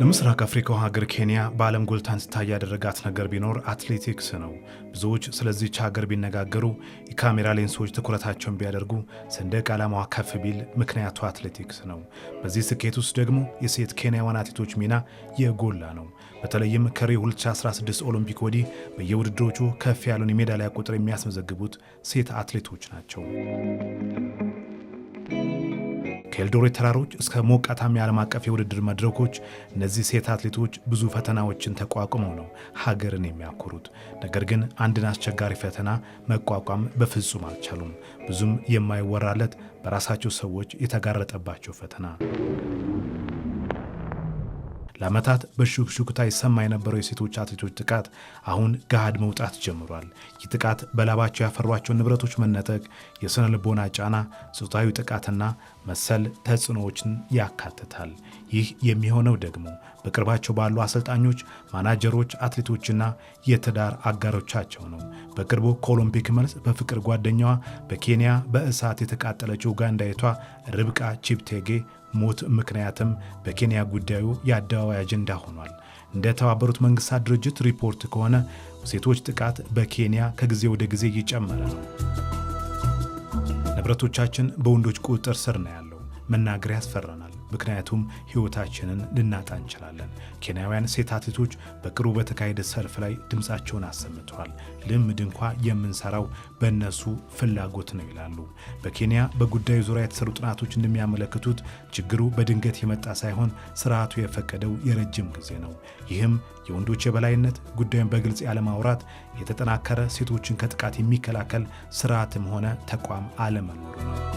ለምስራቅ አፍሪካው ሀገር ኬንያ በዓለም ጎልታን ስታይ ያደረጋት ነገር ቢኖር አትሌቲክስ ነው። ብዙዎች ስለዚች ሀገር ቢነጋገሩ፣ የካሜራ ሌንሶች ትኩረታቸውን ቢያደርጉ፣ ሰንደቅ ዓላማዋ ከፍ ቢል፣ ምክንያቱ አትሌቲክስ ነው። በዚህ ስኬት ውስጥ ደግሞ የሴት ኬንያውያን አትሌቶች ሚና የጎላ ነው። በተለይም ከሪዮ 2016 ኦሎምፒክ ወዲህ በየውድድሮቹ ከፍ ያለውን የሜዳሊያ ቁጥር የሚያስመዘግቡት ሴት አትሌቶች ናቸው። ከኤልዶሬ ተራሮች እስከ ሞቃታማ የዓለም አቀፍ የውድድር መድረኮች እነዚህ ሴት አትሌቶች ብዙ ፈተናዎችን ተቋቁመው ነው ሀገርን የሚያኮሩት። ነገር ግን አንድን አስቸጋሪ ፈተና መቋቋም በፍጹም አልቻሉም። ብዙም የማይወራለት በራሳቸው ሰዎች የተጋረጠባቸው ፈተና ለዓመታት በሹክሹክታ ይሰማ የነበረው የሴቶች አትሌቶች ጥቃት አሁን ገሃድ መውጣት ጀምሯል። ይህ ጥቃት በላባቸው ያፈሯቸው ንብረቶች መነጠቅ፣ የሥነ ልቦና ጫና፣ ጾታዊ ጥቃትና መሰል ተጽዕኖዎችን ያካትታል። ይህ የሚሆነው ደግሞ በቅርባቸው ባሉ አሰልጣኞች፣ ማናጀሮች፣ አትሌቶችና የትዳር አጋሮቻቸው ነው። በቅርቡ ከኦሎምፒክ መልስ በፍቅር ጓደኛዋ በኬንያ በእሳት የተቃጠለችው ኡጋንዳዊቷ ርብቃ ቺፕቴጌ ሞት ምክንያትም በኬንያ ጉዳዩ የአደባባይ አጀንዳ ሆኗል። እንደ ተባበሩት መንግስታት ድርጅት ሪፖርት ከሆነ ሴቶች ጥቃት በኬንያ ከጊዜ ወደ ጊዜ እየጨመረ ነው። ንብረቶቻችን በወንዶች ቁጥጥር ስር ነው ያለው መናገር ያስፈራናል። ምክንያቱም ሕይወታችንን ልናጣ እንችላለን። ኬንያውያን ሴት አትሌቶች በቅርቡ በተካሄደ ሰልፍ ላይ ድምፃቸውን አሰምተዋል። ልምድ እንኳ የምንሰራው በእነሱ ፍላጎት ነው ይላሉ። በኬንያ በጉዳዩ ዙሪያ የተሰሩ ጥናቶች እንደሚያመለክቱት ችግሩ በድንገት የመጣ ሳይሆን ስርዓቱ የፈቀደው የረጅም ጊዜ ነው። ይህም የወንዶች የበላይነት፣ ጉዳዩን በግልጽ ያለማውራት፣ የተጠናከረ ሴቶችን ከጥቃት የሚከላከል ስርዓትም ሆነ ተቋም አለመኖሩ ነው።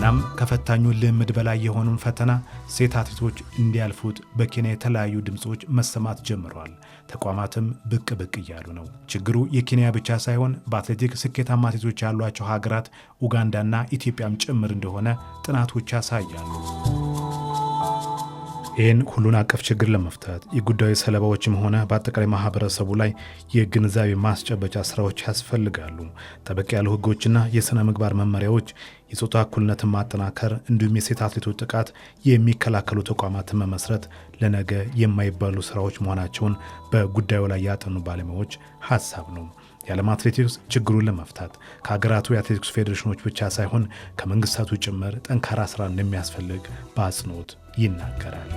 እናም ከፈታኙ ልምድ በላይ የሆነውን ፈተና ሴት አትሌቶች እንዲያልፉት በኬንያ የተለያዩ ድምፆች መሰማት ጀምረዋል። ተቋማትም ብቅ ብቅ እያሉ ነው። ችግሩ የኬንያ ብቻ ሳይሆን በአትሌቲክ ስኬታማ አትሌቶች ያሏቸው ሀገራት ኡጋንዳና ኢትዮጵያም ጭምር እንደሆነ ጥናቶች ያሳያሉ። ይህን ሁሉን አቀፍ ችግር ለመፍታት የጉዳዩ ሰለባዎችም ሆነ በአጠቃላይ ማህበረሰቡ ላይ የግንዛቤ ማስጨበጫ ስራዎች ያስፈልጋሉ። ጠበቅ ያሉ ህጎችና የሥነ ምግባር መመሪያዎች፣ የፆታ እኩልነትን ማጠናከር እንዲሁም የሴት አትሌቶች ጥቃት የሚከላከሉ ተቋማትን መመስረት ለነገ የማይባሉ ስራዎች መሆናቸውን በጉዳዩ ላይ ያጠኑ ባለሙያዎች ሀሳብ ነው። የዓለም አትሌቲክስ ችግሩን ለመፍታት ከሀገራቱ የአትሌቲክስ ፌዴሬሽኖች ብቻ ሳይሆን ከመንግስታቱ ጭምር ጠንካራ ስራ እንደሚያስፈልግ በአጽንኦት ይናገራል።